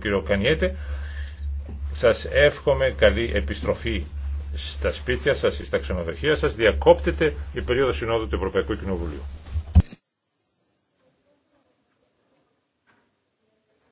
κύριο Κανιέτε. Σας εύχομαι καλή επιστροφή στα σπίτια σας ή στα ξενοδοχεία σας. Διακόπτεται η περίοδος συνόδου του Ευρωπαϊκού Κοινοβουλίου.